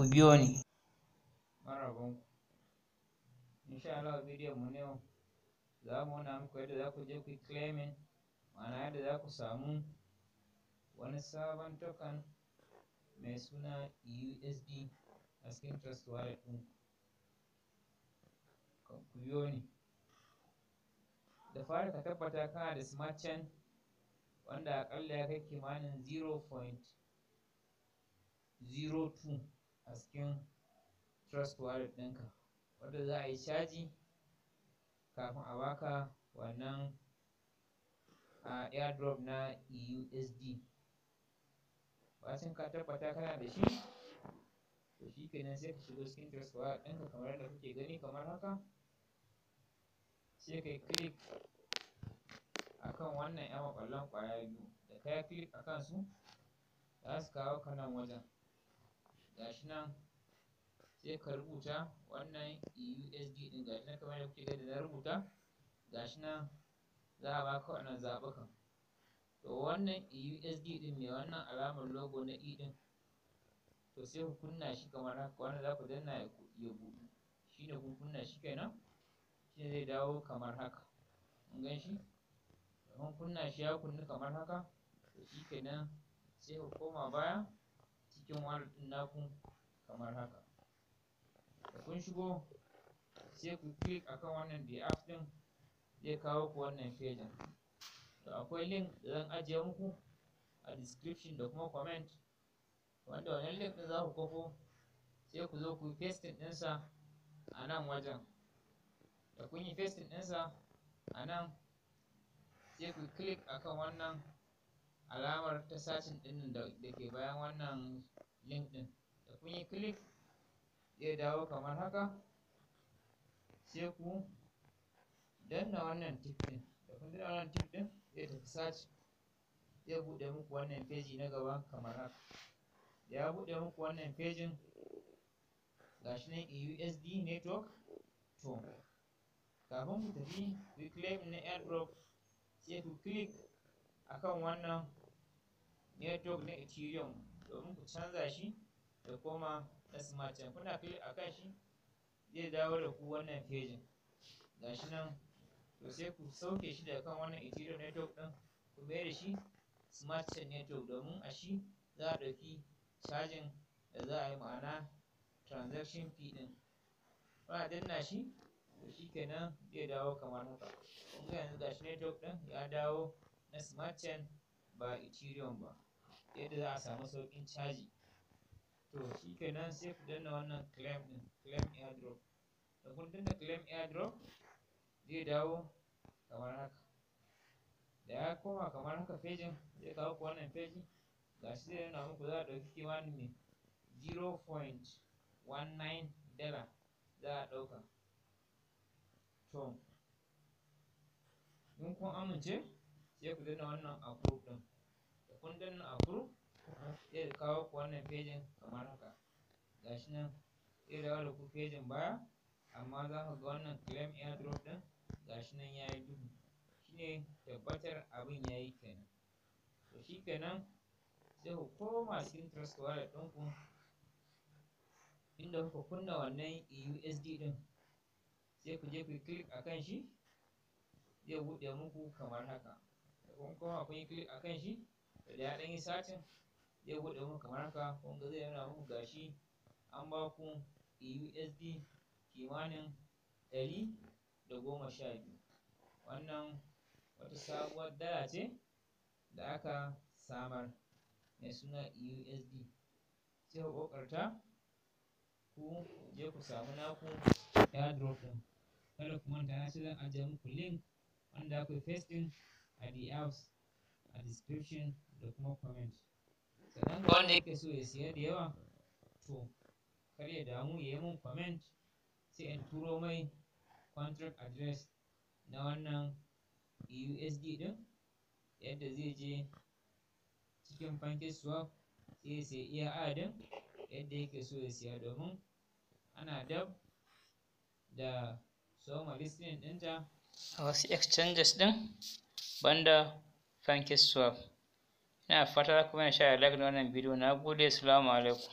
ku biyo ni. Marabanku, insha Allah bidiyon mu ne za mu nuna muku yadda za ku je ku yi claiming ma'ana yadda za ku samu wani sabon token mai suna USD a cikin Trust Wallet ɗinku. Ku biyo ni. Da fari ka tabbata ka da smart chain wanda aƙalla ya kai kimanin 0.02 a cikin trust ɗinka wanda za a yi caji kafin a baka wannan a airdrop na EUSD bacin ka tabbata kana da shi to shi kenan sai ka shigo cikin trust ɗinka kamar yadda kuke gani kamar haka sai ka yi click akan wannan 'yan maƙwallon ƙwaya biyu da ka yi click akan su za su kawo ka nan wajen gashi nan sai ka rubuta wannan e USD ɗin gashi nan kamar yadda kuke gani na rubuta gashi nan za a baka wannan zabukan to wannan e USD ɗin mai wannan alamar logo na E ɗin to sai ku kunna shi kamar haka wannan za ku danna ya buɗu shi ne kun kunna shi kenan shi zai dawo kamar haka kun ganshi, shi kun kunna shi ya kunni kamar haka to shi kenan sai ku koma baya cikin wani naku kamar haka da kun shigo sai ku click akan wannan the app ɗin zai kawo ku wannan page to akwai link da zan ajiye muku a description da kuma comment wanda wannan link ɗin za ku kofo sai ku zo ku pasting ɗinsa a nan wajen da kun yi pasting ɗinsa a nan sai ku click akan wannan alamar ta sashin ɗin da ke bayan wannan link ɗin da kun yi click zai dawo kamar haka sai ku danna wannan tip ɗin da kun danna wannan tip ɗin zai tafi search zai buɗe muku wannan page na gaba kamar haka da ya buɗe muku wannan fejin gashi nan USD network to kafin ku tafi reclaim na airdrop sai ku click akan wannan network na Ethereum domin ku canza shi da koma na smart chain kuna kai a kan shi zai dawo da ku wannan fejin shi nan to sai ku sauke shi daga kan wannan ethereum network ɗin ku mai da shi smart chain network domin a shi za a ɗauki cajin da za a yi ma'ana transaction fee ɗin kuna danna shi to shi kenan zai dawo kamar haka yanzu ga shi network ɗin ya dawo na smart chain ba ethereum ba yadda za a samu sauƙin caji to shi kenan sai ku danna wannan claim ɗin claim airdrop da kun danna claim airdrop zai dawo kamar haka da ya koma kamar haka fejin zai kawo ku wannan fejin ga shi zai nuna muku za a ɗauki kimanin mai 0.19 dala za a ɗauka to in kun amince sai ku danna wannan approve ɗin zai kawo ku wannan fejin kamar haka gashi nan zai dawo da ku fejin baya amma za ku ga wannan claim airdrop din gashi nan ya yi duhu shine tabbatar abin ya yi kenan to shi kenan sai ku koma cikin trust wallet ɗinku inda kuka kunna wannan e USD ɗin sai ku je ku yi click a kan shi zai buɗe muku kamar haka kun koma kun yi click a kan shi da ya ɗan yi satin zai buɗe mun kamar haka kun ga zai nuna muku gashi an ba ku USD kimanin ɗari da goma sha biyu wannan wata sabuwar dala ce da aka samar mai suna USD sai ku kokarta ku je ku samu naku airdrop ɗin kada ku manta na ce zan ajiye muku link wanda akwai pasting a the apps a description da kuma comment sannan ga wanda yake so ya siya da yawa to kar ya damu ya yi mun comment sai in turo mai contract address na wannan USD din yadda zai je cikin swap sai ya sai iya adin yadda yake so ya siya domin ana dab da soma listing dinta a wasu exchanges din banda swap ina fata kuma ku mana wannan bidiyo na gode salamu alaikum